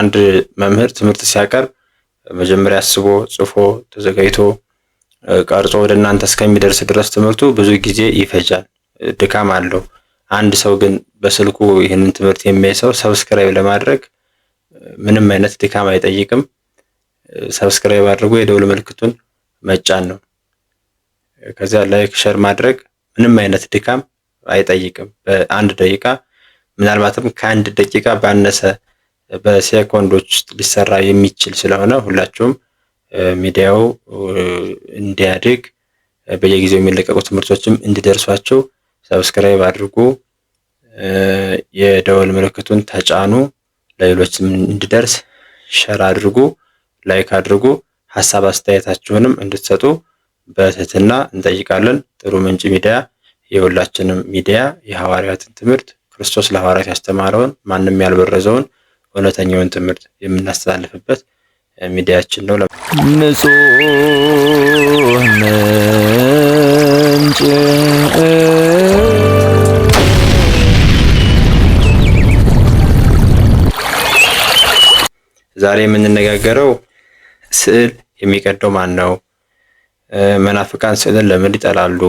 አንድ መምህር ትምህርት ሲያቀርብ መጀመሪያ አስቦ ጽፎ ተዘጋጅቶ ቀርጾ ወደ እናንተ እስከሚደርስ ድረስ ትምህርቱ ብዙ ጊዜ ይፈጃል፣ ድካም አለው። አንድ ሰው ግን በስልኩ ይህንን ትምህርት የሚያይ ሰው ሰብስክራይብ ለማድረግ ምንም አይነት ድካም አይጠይቅም። ሰብስክራይብ አድርጎ የደውል ምልክቱን መጫን ነው። ከዚያ ላይክ ሸር ማድረግ ምንም አይነት ድካም አይጠይቅም። በአንድ ደቂቃ ምናልባትም ከአንድ ደቂቃ ባነሰ በሴኮንዶች ሊሰራ የሚችል ስለሆነ ሁላችሁም ሚዲያው እንዲያድግ በየጊዜው የሚለቀቁ ትምህርቶችም እንዲደርሷቸው ሰብስክራይብ አድርጉ፣ የደወል ምልክቱን ተጫኑ፣ ለሌሎችም እንዲደርስ ሸር አድርጉ፣ ላይክ አድርጉ። ሀሳብ አስተያየታችሁንም እንድትሰጡ በትህትና እንጠይቃለን። ጥሩ ምንጭ ሚዲያ የሁላችንም ሚዲያ የሐዋርያትን ትምህርት ክርስቶስ ለሐዋርያት ያስተማረውን ማንም ያልበረዘውን እውነተኛውን ትምህርት የምናስተላልፍበት ሚዲያችን ነው። ንጹህ ምንጭ ዛሬ የምንነጋገረው ስዕል የሚቀደው ማን ነው? መናፍቃን ስዕልን ለምን ይጠላሉ?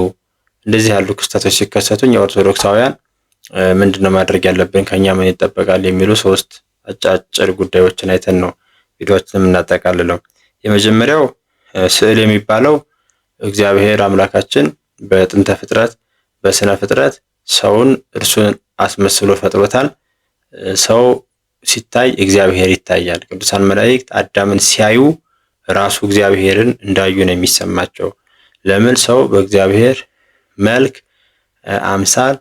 እንደዚህ ያሉ ክስተቶች ሲከሰቱ የኦርቶዶክሳውያን ኦርቶዶክሳውያን ምንድን ነው ማድረግ ያለብን? ከኛ ምን ይጠበቃል? የሚሉ ሶስት አጫጭር ጉዳዮችን አይተን ነው ቪዲዮችን የምናጠቃልለው። የመጀመሪያው ስዕል የሚባለው እግዚአብሔር አምላካችን በጥንተ ፍጥረት በስነ ፍጥረት ሰውን እርሱን አስመስሎ ፈጥሮታል። ሰው ሲታይ እግዚአብሔር ይታያል። ቅዱሳን መላእክት አዳምን ሲያዩ ራሱ እግዚአብሔርን እንዳዩ ነው የሚሰማቸው። ለምን? ሰው በእግዚአብሔር መልክ አምሳል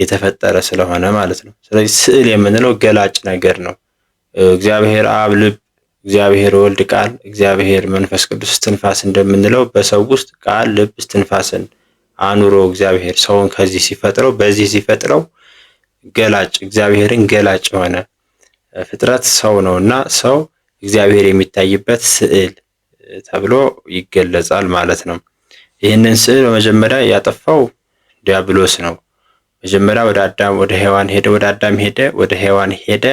የተፈጠረ ስለሆነ ማለት ነው። ስለዚህ ስዕል የምንለው ገላጭ ነገር ነው። እግዚአብሔር አብ ልብ፣ እግዚአብሔር ወልድ ቃል፣ እግዚአብሔር መንፈስ ቅዱስ እስትንፋስ እንደምንለው በሰው ውስጥ ቃል ልብ እስትንፋስን አኑሮ እግዚአብሔር ሰውን ከዚህ ሲፈጥረው በዚህ ሲፈጥረው ገላጭ እግዚአብሔርን ገላጭ የሆነ ፍጥረት ሰው ነው እና ሰው እግዚአብሔር የሚታይበት ስዕል ተብሎ ይገለጻል ማለት ነው። ይህንን ስዕል በመጀመሪያ ያጠፋው ዲያብሎስ ነው። መጀመሪያ ወደ አዳም ወደ ሔዋን ሄደ፣ ወደ አዳም ሄደ፣ ወደ ሔዋን ሄደ።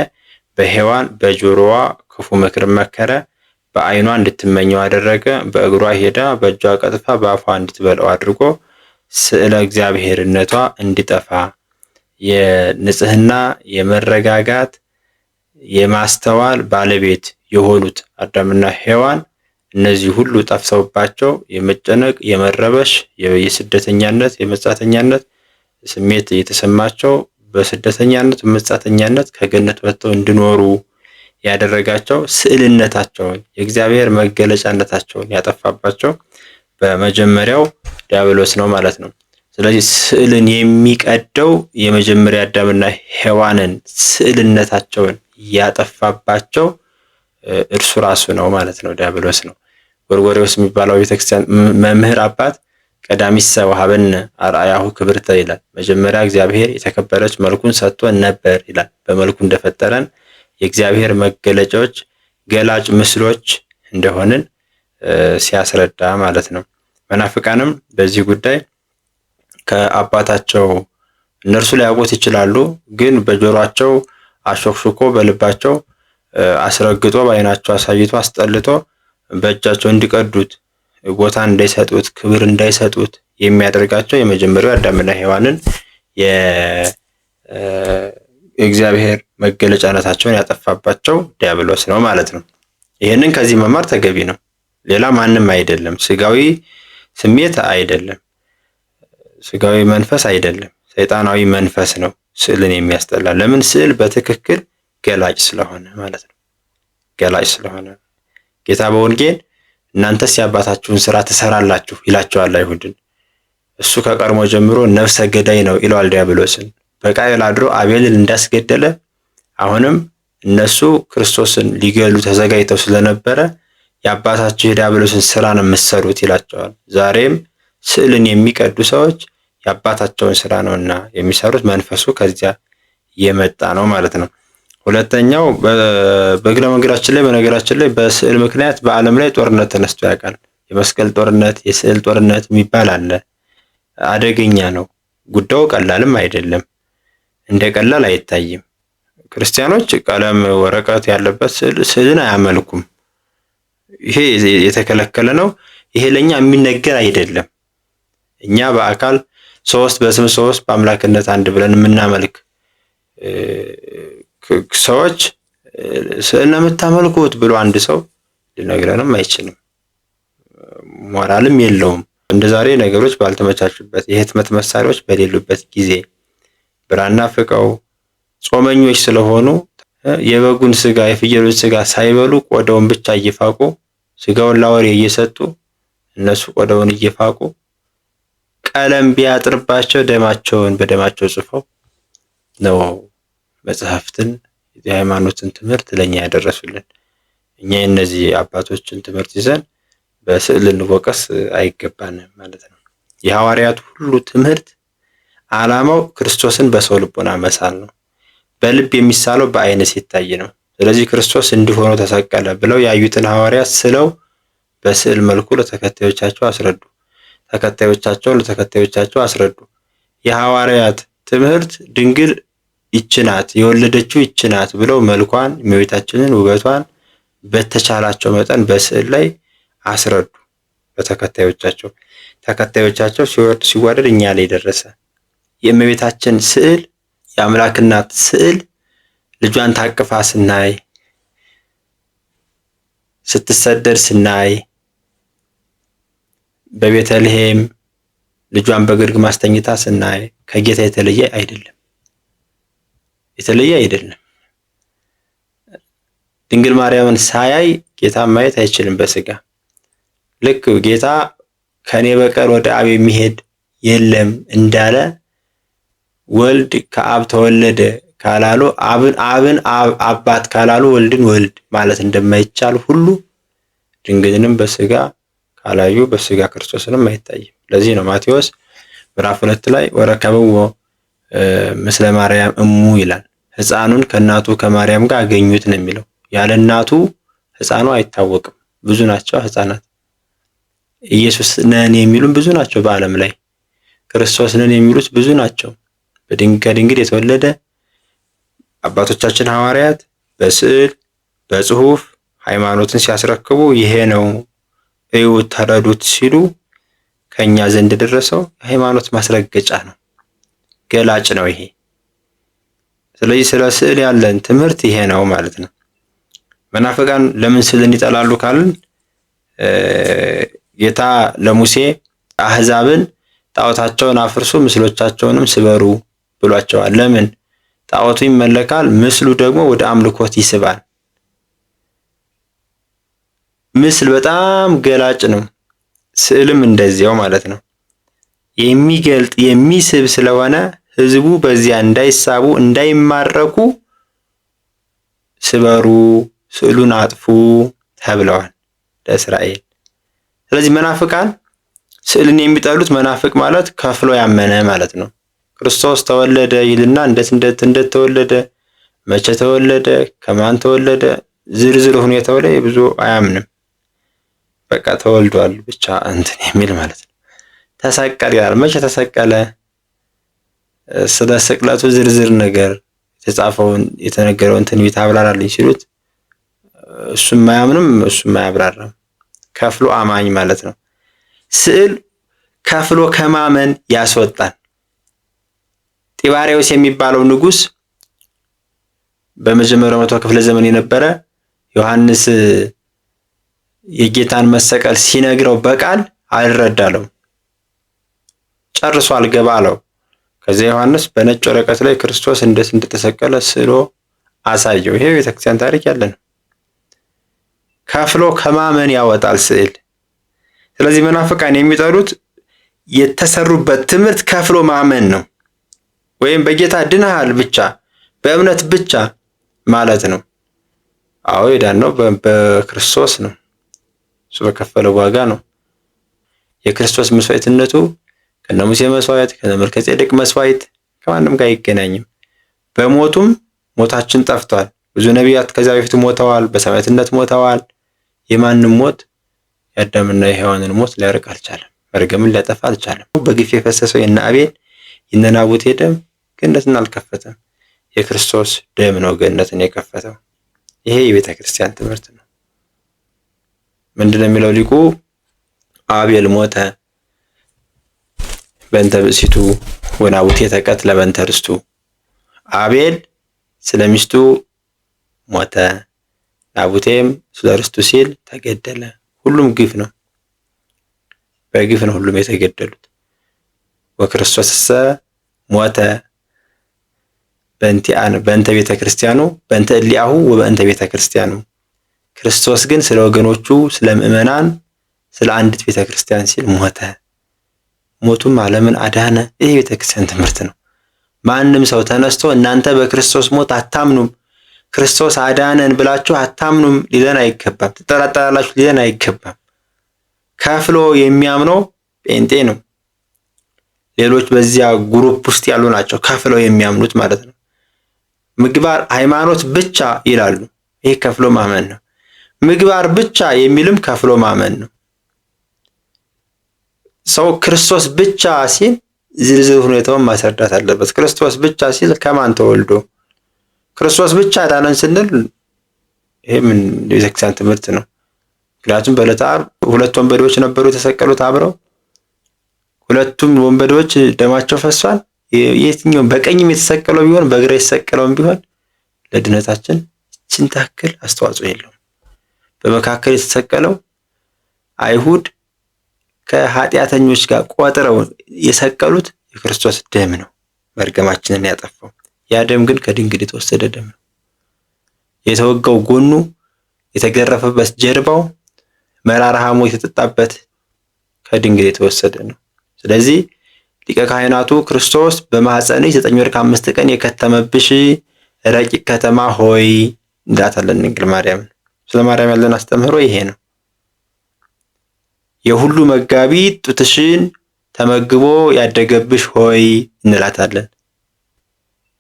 በሔዋን በጆሮዋ ክፉ ምክር መከረ። በዓይኗ እንድትመኘው አደረገ። በእግሯ ሄዳ በእጇ ቀጥፋ በአፏ እንድትበላው አድርጎ ስዕለ እግዚአብሔርነቷ እንዲጠፋ የንጽህና የመረጋጋት የማስተዋል ባለቤት የሆኑት አዳምና ሔዋን እነዚህ ሁሉ ጠፍተውባቸው የመጨነቅ የመረበሽ የስደተኛነት የመጻተኛነት ስሜት እየተሰማቸው በስደተኛነት መጻተኛነት ከገነት ወጥተው እንዲኖሩ ያደረጋቸው ስዕልነታቸውን የእግዚአብሔር መገለጫነታቸውን ያጠፋባቸው በመጀመሪያው ዲያብሎስ ነው ማለት ነው። ስለዚህ ስዕልን የሚቀደው የመጀመሪያ አዳምና ሔዋንን ስዕልነታቸውን ያጠፋባቸው እርሱ ራሱ ነው ማለት ነው፣ ዲያብሎስ ነው። ጎርጎሬዎስ የሚባለው ቤተክርስቲያን መምህር አባት ቀዳሚሰ ወሀበነ አርአያሁ ክብርተ ይላል። መጀመሪያ እግዚአብሔር የተከበረች መልኩን ሰጥቶ ነበር ይላል። በመልኩ እንደፈጠረን የእግዚአብሔር መገለጫዎች ገላጭ ምስሎች እንደሆንን ሲያስረዳ ማለት ነው። መናፍቃንም በዚህ ጉዳይ ከአባታቸው እነርሱ ሊያውቁት ይችላሉ፣ ግን በጆሯቸው አሾክሽኮ በልባቸው አስረግጦ በአይናቸው አሳይቶ አስጠልቶ በእጃቸው እንዲቀዱት ቦታ እንዳይሰጡት፣ ክብር እንዳይሰጡት የሚያደርጋቸው የመጀመሪያው አዳምና ሔዋንን የእግዚአብሔር መገለጫነታቸውን ያጠፋባቸው ዲያብሎስ ነው ማለት ነው። ይህንን ከዚህ መማር ተገቢ ነው። ሌላ ማንም አይደለም። ስጋዊ ስሜት አይደለም። ስጋዊ መንፈስ አይደለም። ሰይጣናዊ መንፈስ ነው ስዕልን የሚያስጠላ። ለምን? ስዕል በትክክል ገላጭ ስለሆነ ማለት ነው። ገላጭ ስለሆነ ጌታ በወንጌል እናንተስ የአባታችሁን ስራ ትሰራላችሁ ይላቸዋል አይሁድን። እሱ ከቀድሞ ጀምሮ ነፍሰ ገዳይ ነው ይለዋል ዲያብሎስን። በቃየል አድሮ አቤልን እንዳስገደለ አሁንም እነሱ ክርስቶስን ሊገሉ ተዘጋጅተው ስለነበረ የአባታችሁ የዲያብሎስን ስራ ነው የምትሰሩት ይላቸዋል። ዛሬም ስዕልን የሚቀዱ ሰዎች የአባታቸውን ስራ ነውና የሚሰሩት መንፈሱ ከዚያ የመጣ ነው ማለት ነው። ሁለተኛው በእግረ መንገዳችን ላይ በነገራችን ላይ በስዕል ምክንያት በዓለም ላይ ጦርነት ተነስቶ ያውቃል። የመስቀል ጦርነት፣ የስዕል ጦርነት የሚባል አለ። አደገኛ ነው ጉዳዩ፣ ቀላልም አይደለም፣ እንደ ቀላል አይታይም። ክርስቲያኖች ቀለም ወረቀት ያለበት ስዕል ስዕልን አያመልኩም። ይሄ የተከለከለ ነው። ይሄ ለእኛ የሚነገር አይደለም። እኛ በአካል ሶስት በስም ሶስት በአምላክነት አንድ ብለን የምናመልክ ሰዎች ስዕል ነው የምታመልኩት ብሎ አንድ ሰው ሊነግረንም አይችልም፣ ሞራልም የለውም። እንደዛሬ ነገሮች ባልተመቻቹበት፣ የህትመት መሳሪያዎች በሌሉበት ጊዜ ብራና ፍቀው ጾመኞች ስለሆኑ የበጉን ስጋ የፍየሎች ስጋ ሳይበሉ ቆዳውን ብቻ እየፋቁ ስጋውን ላወሬ እየሰጡ እነሱ ቆዳውን እየፋቁ ቀለም ቢያጥርባቸው ደማቸውን በደማቸው ጽፈው ነው መጽሐፍትን የሃይማኖትን ትምህርት ለእኛ ያደረሱልን እኛ የእነዚህ አባቶችን ትምህርት ይዘን በስዕል ልንወቀስ አይገባንም ማለት ነው። የሐዋርያት ሁሉ ትምህርት ዓላማው ክርስቶስን በሰው ልቦና መሳል ነው። በልብ የሚሳለው በአይነ ሲታይ ነው። ስለዚህ ክርስቶስ እንዲሆነው ተሰቀለ ብለው ያዩትን ሐዋርያት ስለው በስዕል መልኩ ለተከታዮቻቸው አስረዱ። ተከታዮቻቸው ለተከታዮቻቸው አስረዱ። የሐዋርያት ትምህርት ድንግል ይችናት የወለደችው ይችናት ብለው መልኳን እመቤታችንን ውበቷን በተቻላቸው መጠን በስዕል ላይ አስረዱ። በተከታዮቻቸው ተከታዮቻቸው ሲወርድ ሲዋደድ እኛ ላይ ደረሰ። የእመቤታችን ስዕል የአምላክ እናት ስዕል ልጇን ታቅፋ ስናይ፣ ስትሰደድ ስናይ፣ በቤተልሔም ልጇን በግርግም አስተኝታ ስናይ ከጌታ የተለየ አይደለም። የተለየ አይደለም። ድንግል ማርያምን ሳያይ ጌታ ማየት አይችልም በስጋ ልክ ጌታ ከኔ በቀር ወደ አብ የሚሄድ የለም እንዳለ ወልድ ከአብ ተወለደ ካላሉ አብን አብን አባት ካላሉ ወልድን ወልድ ማለት እንደማይቻል ሁሉ ድንግልንም በስጋ ካላዩ በስጋ ክርስቶስንም አይታይም። ለዚህ ነው ማቴዎስ ምዕራፍ ሁለት ላይ ወረከብዎ ምስለ ማርያም እሙ ይላል። ሕፃኑን ከእናቱ ከማርያም ጋር አገኙት ነው የሚለው። ያለ እናቱ ሕፃኑ አይታወቅም። ብዙ ናቸው ሕፃናት። ኢየሱስ ነን የሚሉም ብዙ ናቸው። በዓለም ላይ ክርስቶስ ነን የሚሉት ብዙ ናቸው። ከድንግል የተወለደ አባቶቻችን ሐዋርያት በስዕል በጽሁፍ ሃይማኖትን ሲያስረክቡ ይሄ ነው እዩ ተረዱት ሲሉ ከኛ ዘንድ የደረሰው የሃይማኖት ማስረገጫ ነው፣ ገላጭ ነው ይሄ ስለዚህ ስለ ስዕል ያለን ትምህርት ይሄ ነው ማለት ነው። መናፍቃን ለምን ስዕልን ይጠላሉ ካልን ጌታ ለሙሴ አህዛብን ጣዖታቸውን አፍርሱ ምስሎቻቸውንም ስበሩ ብሏቸዋል። ለምን? ጣዖቱ ይመለካል፣ ምስሉ ደግሞ ወደ አምልኮት ይስባል። ምስል በጣም ገላጭ ነው፣ ስዕልም እንደዚያው ማለት ነው። የሚገልጥ የሚስብ ስለሆነ ህዝቡ በዚያ እንዳይሳቡ እንዳይማረኩ ስበሩ፣ ስዕሉን አጥፉ ተብለዋል ለእስራኤል። ስለዚህ መናፍቃን ስዕልን የሚጠሉት መናፍቅ ማለት ከፍሎ ያመነ ማለት ነው። ክርስቶስ ተወለደ ይልና እንደት እንደት እንደት ተወለደ፣ መቼ ተወለደ፣ ከማን ተወለደ ዝርዝር ሁኔታው ላይ ብዙ አያምንም። በቃ ተወልዷል ብቻ እንትን የሚል ማለት ነው። ተሰቀለ ይላል። መቼ ተሰቀለ? ስለ ስቅለቱ ዝርዝር ነገር የተጻፈውን የተነገረውን ትንቢት አብራራልኝ ሲሉት እሱም አያምንም እሱም አያብራራም። ከፍሎ አማኝ ማለት ነው። ስዕል ከፍሎ ከማመን ያስወጣል። ጢባሬዎስ የሚባለው ንጉስ በመጀመሪያው መቶ ክፍለ ዘመን የነበረ ዮሐንስ የጌታን መሰቀል ሲነግረው በቃል አልረዳለው ጨርሶ አልገባ አለው። ከዚያ ዮሐንስ በነጭ ወረቀት ላይ ክርስቶስ እንዴት እንደተሰቀለ ስሎ አሳየው። ይሄ ቤተክርስቲያን ታሪክ ያለ ነው። ከፍሎ ከማመን ያወጣል ስዕል። ስለዚህ መናፍቃን የሚጠሉት የተሰሩበት ትምህርት ከፍሎ ማመን ነው፣ ወይም በጌታ ድነሃል ብቻ በእምነት ብቻ ማለት ነው። አዎ ነው በክርስቶስ ነው፣ እሱ በከፈለው ዋጋ ነው። የክርስቶስ መስዋዕትነቱ ከነ ሙሴ መስዋዕት ከነ መልከጼዴቅ መስዋዕት ከማንም ጋር አይገናኝም። በሞቱም ሞታችን ጠፍቷል። ብዙ ነቢያት ከዚያ በፊት ሞተዋል፣ በሰማዕትነት ሞተዋል። የማንም ሞት የአዳምና የሔዋንን ሞት ሊያርቅ አልቻለም። መርገምን ሊያጠፋ አልቻለም። በግፍ የፈሰሰው የነ አቤል የነ ናቡቴ ደም ገነትን አልከፈተም። የክርስቶስ ደም ነው ገነትን የከፈተው። ይሄ የቤተ ክርስቲያን ትምህርት ነው። ምንድን ነው የሚለው ሊቁ? አቤል ሞተ በእንተ ብእሲቱ ወናቡቴ ተቀትለ በእንተ ርስቱ። አቤል ስለ ሚስቱ ሞተ፣ ናቡቴም ስለ ርስቱ ሲል ተገደለ። ሁሉም ግፍ ነው፣ በግፍ ነው ሁሉም የተገደሉት። ወክርስቶስ ሰ ሞተ በእንተ ቤተ ክርስቲያኑ በእንተ እሊአሁ ወበእንተ ቤተ ክርስቲያኑ። ክርስቶስ ግን ስለ ወገኖቹ ስለ ምእመናን ስለ አንዲት ቤተ ክርስቲያን ሲል ሞተ። ሞቱም ዓለምን አዳነ። ይህ የቤተክርስቲያን ትምህርት ነው። ማንም ሰው ተነስቶ እናንተ በክርስቶስ ሞት አታምኑም፣ ክርስቶስ አዳነን ብላችሁ አታምኑም ሊለን አይገባም፣ ትጠራጠራላችሁ ሊለን አይገባም። ከፍሎ የሚያምነው ጴንጤ ነው። ሌሎች በዚያ ግሩፕ ውስጥ ያሉ ናቸው፣ ከፍለው የሚያምኑት ማለት ነው። ምግባር ሃይማኖት ብቻ ይላሉ። ይህ ከፍሎ ማመን ነው። ምግባር ብቻ የሚልም ከፍሎ ማመን ነው። ሰው ክርስቶስ ብቻ ሲል ዝርዝር ሁኔታውን ማስረዳት አለበት። ክርስቶስ ብቻ ሲል ከማን ተወልዶ ክርስቶስ ብቻ ዳነን ስንል ምን የቤተክርስቲያን ትምህርት ነው። ምክንያቱም በዕለተ ዓርብ ሁለት ወንበዴዎች ነበሩ የተሰቀሉት አብረው። ሁለቱም ወንበዴዎች ደማቸው ፈሷል። የትኛውም በቀኝም የተሰቀለው ቢሆን በግራ የተሰቀለውም ቢሆን ለድነታችን እችን ታክል አስተዋጽኦ የለውም። በመካከል የተሰቀለው አይሁድ ከኃጢአተኞች ጋር ቆጥረው የሰቀሉት የክርስቶስ ደም ነው መርገማችንን ያጠፋው። ያ ደም ግን ከድንግል የተወሰደ ደም ነው። የተወጋው ጎኑ፣ የተገረፈበት ጀርባው፣ መራራ የተጠጣበት ከድንግል የተወሰደ ነው። ስለዚህ ሊቀ ካህናቱ ክርስቶስ በማኅፀንሽ ዘጠኝ ወር ከአምስት ቀን የከተመብሽ ረቂቅ ከተማ ሆይ እንዳታለን ድንግል ማርያም። ስለ ማርያም ያለን አስተምህሮ ይሄ ነው። የሁሉ መጋቢ ጡትሽን ተመግቦ ያደገብሽ ሆይ እንላታለን።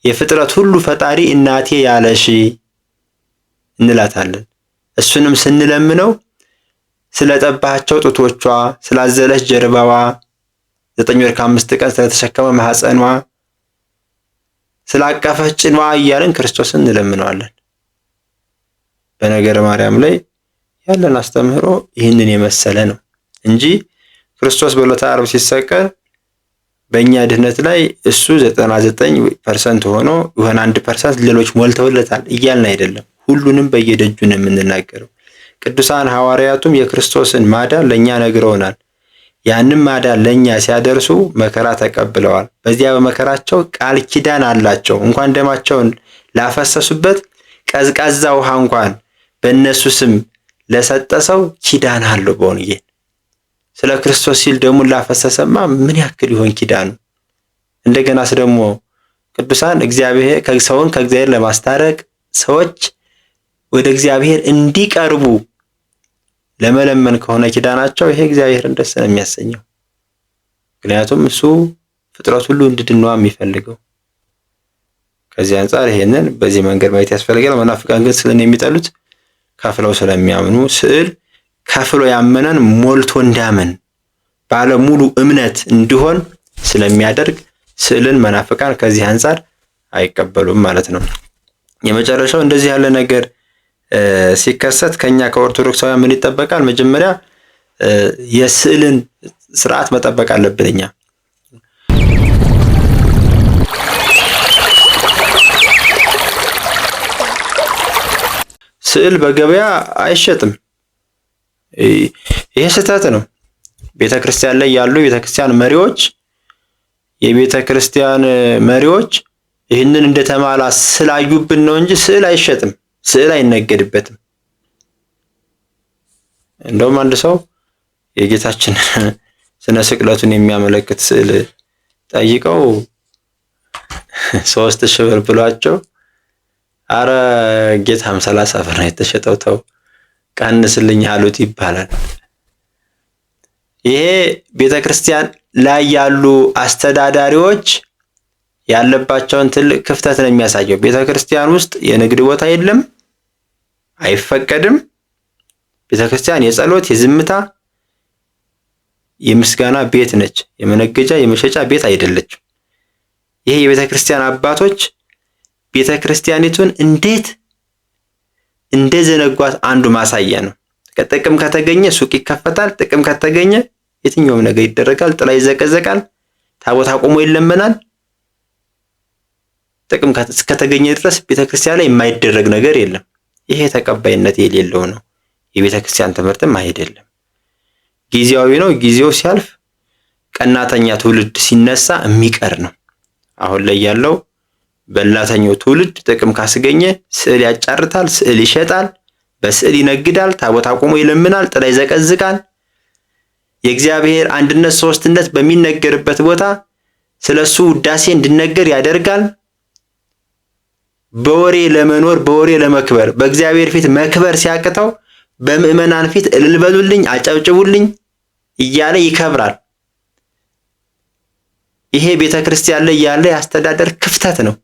የፍጥረት ሁሉ ፈጣሪ እናቴ ያለሽ እንላታለን። እሱንም ስንለምነው ስለጠባቸው ጡቶቿ፣ ስላዘለች ጀርባዋ፣ ዘጠኝ ወር ከአምስት ቀን ስለተሸከመ ማህፀኗ፣ ስላቀፈች ጭንዋ እያለን ክርስቶስን እንለምነዋለን። በነገረ ማርያም ላይ ያለን አስተምህሮ ይህንን የመሰለ ነው። እንጂ ክርስቶስ በዕለተ ዓርብ ሲሰቀል በእኛ ድህነት ላይ እሱ 99% ሆኖ የሆነ 1% ሌሎች ሞልተውለታል እያልን አይደለም። ሁሉንም በየደጁ ነው የምንናገረው። ቅዱሳን ሐዋርያቱም የክርስቶስን ማዳን ለእኛ ነግረውናል። ያንም ማዳን ለእኛ ሲያደርሱ መከራ ተቀብለዋል። በዚያ በመከራቸው ቃል ኪዳን አላቸው። እንኳን ደማቸውን ላፈሰሱበት ቀዝቃዛ ውሃ እንኳን በእነሱ ስም ለሰጠ ሰው ኪዳን አለው በወንጌል ስለ ክርስቶስ ሲል ደሙን ላፈሰሰማ ምን ያክል ይሆን ኪዳኑ? እንደገናስ ደግሞ ቅዱሳን እግዚአብሔር ሰውን ከእግዚአብሔር ለማስታረቅ ሰዎች ወደ እግዚአብሔር እንዲቀርቡ ለመለመን ከሆነ ኪዳናቸው ይሄ እግዚአብሔርን ደስ ነው የሚያሰኘው። ምክንያቱም እሱ ፍጥረት ሁሉ እንድድኗ የሚፈልገው ከዚህ አንጻር ይሄንን በዚህ መንገድ ማየት ያስፈልጋል። መናፍቃን ግን ስዕልን የሚጠሉት ከፍለው ስለሚያምኑ ስዕል ከፍሎ ያመነን ሞልቶ እንዳምን ባለ ሙሉ እምነት እንዲሆን ስለሚያደርግ ስዕልን መናፍቃን ከዚህ አንጻር አይቀበሉም ማለት ነው። የመጨረሻው እንደዚህ ያለ ነገር ሲከሰት ከኛ ከኦርቶዶክሳውያን ምን ይጠበቃል? መጀመሪያ የስዕልን ስርዓት መጠበቅ አለብን እኛ ስዕል በገበያ አይሸጥም። ይሄ ስህተት ነው። ቤተ ክርስቲያን ላይ ያሉ የቤተ ክርስቲያን መሪዎች የቤተ ክርስቲያን መሪዎች ይህንን እንደተማላ ስላዩብን ነው እንጂ ስዕል አይሸጥም፣ ስዕል አይነገድበትም። እንደውም አንድ ሰው የጌታችን ስነ ስቅለቱን የሚያመለክት ስዕል ጠይቀው ሶስት ሺህ ብር ብሏቸው አረ ጌታም ሰላሳ ብር ነው የተሸጠው ተው ቀንስልኝ አሉት ይባላል። ይሄ ቤተክርስቲያን ላይ ያሉ አስተዳዳሪዎች ያለባቸውን ትልቅ ክፍተት ነው የሚያሳየው። ቤተክርስቲያን ውስጥ የንግድ ቦታ የለም፣ አይፈቀድም። ቤተክርስቲያን የጸሎት፣ የዝምታ፣ የምስጋና ቤት ነች። የመነገጃ የመሸጫ ቤት አይደለችም። ይሄ የቤተክርስቲያን አባቶች ቤተክርስቲያኒቱን እንዴት እንደዘነጓት አንዱ ማሳያ ነው። ጥቅም ከተገኘ ሱቅ ይከፈታል። ጥቅም ከተገኘ የትኛውም ነገር ይደረጋል። ጥላ ይዘቀዘቃል። ታቦት አቁሞ ይለመናል። ጥቅም እስከተገኘ ድረስ ቤተክርስቲያን ላይ የማይደረግ ነገር የለም። ይሄ ተቀባይነት የሌለው ነው። የቤተክርስቲያን ትምህርትም አይደለም። ጊዜያዊ ነው። ጊዜው ሲያልፍ ቀናተኛ ትውልድ ሲነሳ የሚቀር ነው። አሁን ላይ ያለው በላተኛው ትውልድ ጥቅም ካስገኘ ስዕል ያጫርታል፣ ስዕል ይሸጣል፣ በስዕል ይነግዳል፣ ታቦት አቁሞ ይለምናል፣ ጥላ ይዘቀዝቃል። የእግዚአብሔር አንድነት ሶስትነት በሚነገርበት ቦታ ስለሱ ውዳሴ እንዲነገር ያደርጋል። በወሬ ለመኖር በወሬ ለመክበር በእግዚአብሔር ፊት መክበር ሲያቅተው በምዕመናን ፊት እልልበሉልኝ አጨብጭቡልኝ እያለ ይከብራል። ይሄ ቤተክርስቲያን ላይ ያለ የአስተዳደር ክፍተት ነው።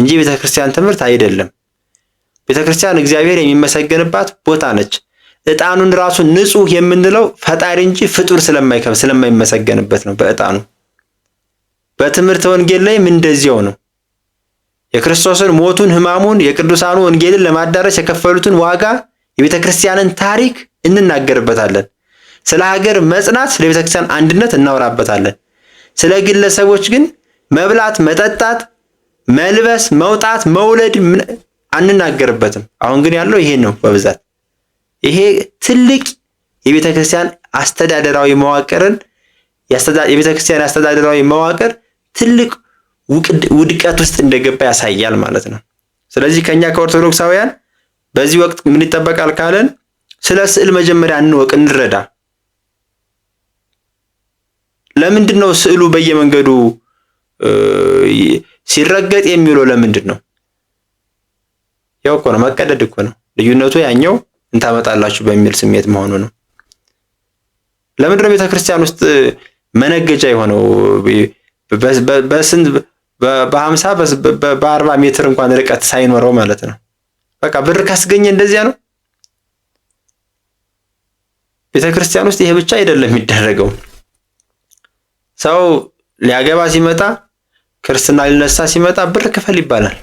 እንጂ ቤተክርስቲያን ትምህርት አይደለም። ቤተክርስቲያን እግዚአብሔር የሚመሰገንባት ቦታ ነች። ዕጣኑን ራሱ ንጹህ የምንለው ፈጣሪ እንጂ ፍጡር ስለማይከብ ስለማይመሰገንበት ነው በዕጣኑ። በትምህርት ወንጌል ላይም እንደዚያው ነው። የክርስቶስን ሞቱን፣ ሕማሙን፣ የቅዱሳኑ ወንጌልን ለማዳረስ የከፈሉትን ዋጋ፣ የቤተ ክርስቲያንን ታሪክ እንናገርበታለን። ስለ ሀገር መጽናት፣ ስለ ክርስቲያን አንድነት እናወራበታለን። ስለ ግለሰቦች ግን መብላት፣ መጠጣት መልበስ፣ መውጣት፣ መውለድ አንናገርበትም። አሁን ግን ያለው ይሄ ነው በብዛት ይሄ ትልቅ የቤተ ክርስቲያን አስተዳደራዊ መዋቅርን የቤተ ክርስቲያን አስተዳደራዊ መዋቅር ትልቅ ውድቀት ውስጥ እንደገባ ያሳያል ማለት ነው። ስለዚህ ከኛ ከኦርቶዶክሳውያን በዚህ ወቅት ምን ይጠበቃል ካለን ስለ ስዕል መጀመሪያ እንወቅ፣ እንረዳ። ለምንድን ነው ስዕሉ በየመንገዱ ሲረገጥ የሚውለው ለምንድን ነው? ያው እኮ ነው መቀደድ እኮ ነው። ልዩነቱ ያኛው እንታመጣላችሁ በሚል ስሜት መሆኑ ነው። ለምንድን ነው ቤተክርስቲያን ውስጥ መነገጃ የሆነው? በስንት በሀምሳ በአርባ ሜትር እንኳን ርቀት ሳይኖረው ማለት ነው። በቃ ብር ካስገኘ እንደዚያ ነው። ቤተክርስቲያን ውስጥ ይሄ ብቻ አይደለም የሚደረገው። ሰው ሊያገባ ሲመጣ ክርስትና ሊነሳ ሲመጣ ብር ክፈል ይባላል።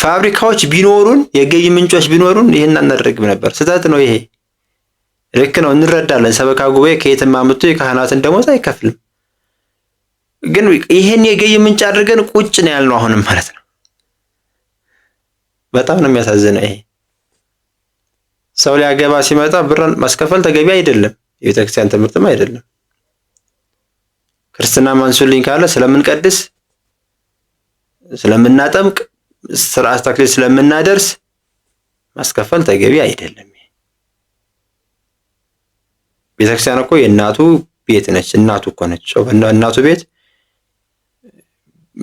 ፋብሪካዎች ቢኖሩን የገቢ ምንጮች ቢኖሩን ይህን አናደርግም ነበር። ስህተት ነው ይሄ። ልክ ነው፣ እንረዳለን። ሰበካ ጉባኤ ከየትም አምጥቶ የካህናትን ደሞዝ አይከፍልም። ግን ይህን የገቢ ምንጭ አድርገን ቁጭ ነው ያልነው አሁንም ማለት ነው። በጣም ነው የሚያሳዝነው ይሄ። ሰው ሊያገባ ሲመጣ ብርን ማስከፈል ተገቢ አይደለም፣ የቤተክርስቲያን ትምህርትም አይደለም። ክርስትና ማንሱልኝ ካለ ስለምንቀድስ፣ ስለምናጠምቅ፣ ስርዓተ ተክሊል ስለምናደርስ ማስከፈል ተገቢ አይደለም። ቤተክርስቲያን እኮ የእናቱ ቤት ነች። እናቱ እኮ ነች። እናቱ ቤት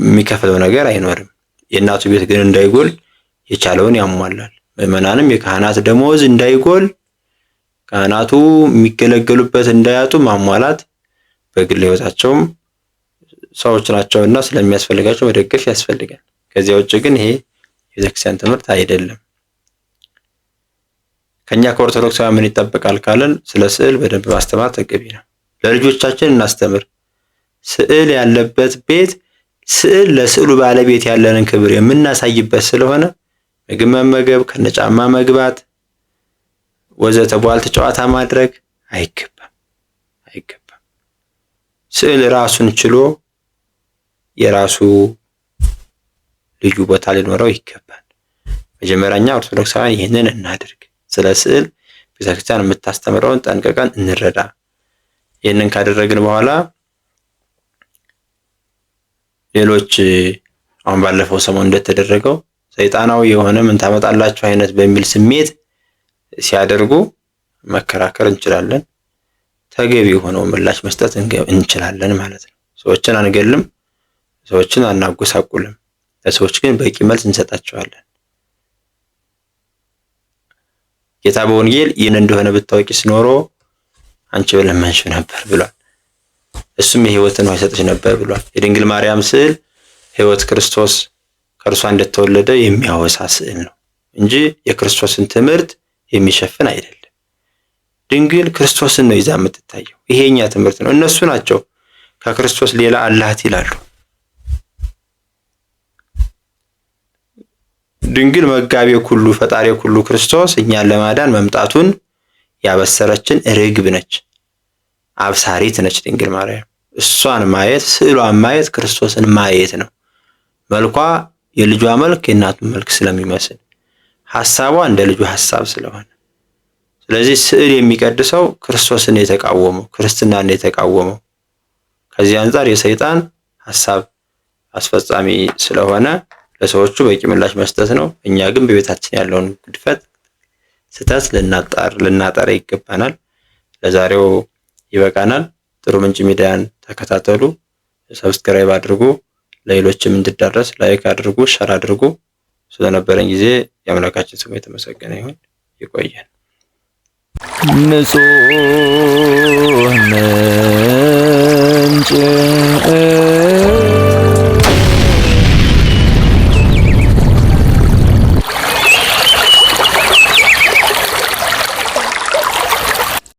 የሚከፍለው ነገር አይኖርም። የእናቱ ቤት ግን እንዳይጎል የቻለውን ያሟላል። ምዕመናንም የካህናት ደሞዝ እንዳይጎል ካህናቱ የሚገለገሉበት እንዳያጡ ማሟላት በግል ህይወታቸውም ሰዎች ናቸውና ስለሚያስፈልጋቸው መደገፍ ያስፈልጋል። ከዚያ ውጭ ግን ይሄ የቤተክርስቲያን ትምህርት አይደለም። ከኛ ከኦርቶዶክሳዊ ምን ይጠበቃል ካለን ስለ ስዕል በደንብ ማስተማር ተገቢ ነው። ለልጆቻችን እናስተምር። ስዕል ያለበት ቤት ስዕል ለስዕሉ ባለቤት ያለንን ክብር የምናሳይበት ስለሆነ ምግብ መመገብ፣ ከነጫማ መግባት፣ ወዘተ ቧልት ጨዋታ ማድረግ አይገባም አይገባም። ስዕል ራሱን ችሎ የራሱ ልዩ ቦታ ሊኖረው ይገባል። መጀመሪያኛ ኦርቶዶክሳውያን ይህንን እናድርግ። ስለ ስዕል ቤተክርስቲያን የምታስተምረውን ጠንቅቀን እንረዳ። ይህንን ካደረግን በኋላ ሌሎች አሁን ባለፈው ሰሞን እንደተደረገው ሰይጣናዊ የሆነ ምን ታመጣላችሁ አይነት በሚል ስሜት ሲያደርጉ መከራከር እንችላለን። ተገቢ የሆነውን ምላሽ መስጠት እንችላለን ማለት ነው። ሰዎችን አንገልም፣ ሰዎችን አናጎሳቁልም። ለሰዎች ግን በቂ መልስ እንሰጣቸዋለን። ጌታ በወንጌል ይህን እንደሆነ ብታወቂ ስኖሮ አንቺ በለመንሽ ነበር ብሏል። እሱም የህይወትን ውሃ ይሰጥሽ ነበር ብሏል። የድንግል ማርያም ስዕል ህይወት ክርስቶስ ከእርሷ እንደተወለደ የሚያወሳ ስዕል ነው እንጂ የክርስቶስን ትምህርት የሚሸፍን አይደለም። ድንግል ክርስቶስን ነው ይዛ የምትታየው። ይሄኛ ትምህርት ነው። እነሱ ናቸው ከክርስቶስ ሌላ አላት ይላሉ። ድንግል መጋቤ ኩሉ ፈጣሪ ኩሉ ክርስቶስ እኛን ለማዳን መምጣቱን ያበሰረችን ርግብ ነች፣ አብሳሪት ነች ድንግል ማርያም። እሷን ማየት ስዕሏን ማየት ክርስቶስን ማየት ነው። መልኳ የልጇ መልክ የእናቱን መልክ ስለሚመስል ሐሳቧ እንደ ልጁ ሐሳብ ስለሆነ ስለዚህ ስዕል የሚቀድሰው ክርስቶስን የተቃወመው ክርስትናን የተቃወመው ከዚህ አንጻር የሰይጣን ሐሳብ አስፈጻሚ ስለሆነ ለሰዎቹ በቂ ምላሽ መስጠት ነው። እኛ ግን በቤታችን ያለውን ግድፈት ስህተት ልናጣር ልናጠራ ይገባናል። ለዛሬው ይበቃናል። ጥሩ ምንጭ ሚዲያን ተከታተሉ፣ ሰብስክራይብ አድርጉ፣ ለሌሎችም እንድዳረስ ላይክ አድርጉ፣ ሸር አድርጉ። ስለነበረን ጊዜ የአምላካችን ስሙ የተመሰገነ ይሁን። ይቆየን። ንጹሕ ምንጭ